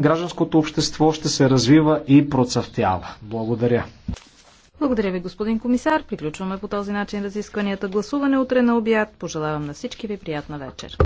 гражданското общество ще се развива и процъфтява. Благодаря. Благодаря ви, господин комисар. Приключваме по този начин разискванията. Гласуване утре на обяд. Пожелавам на всички ви приятна вечер.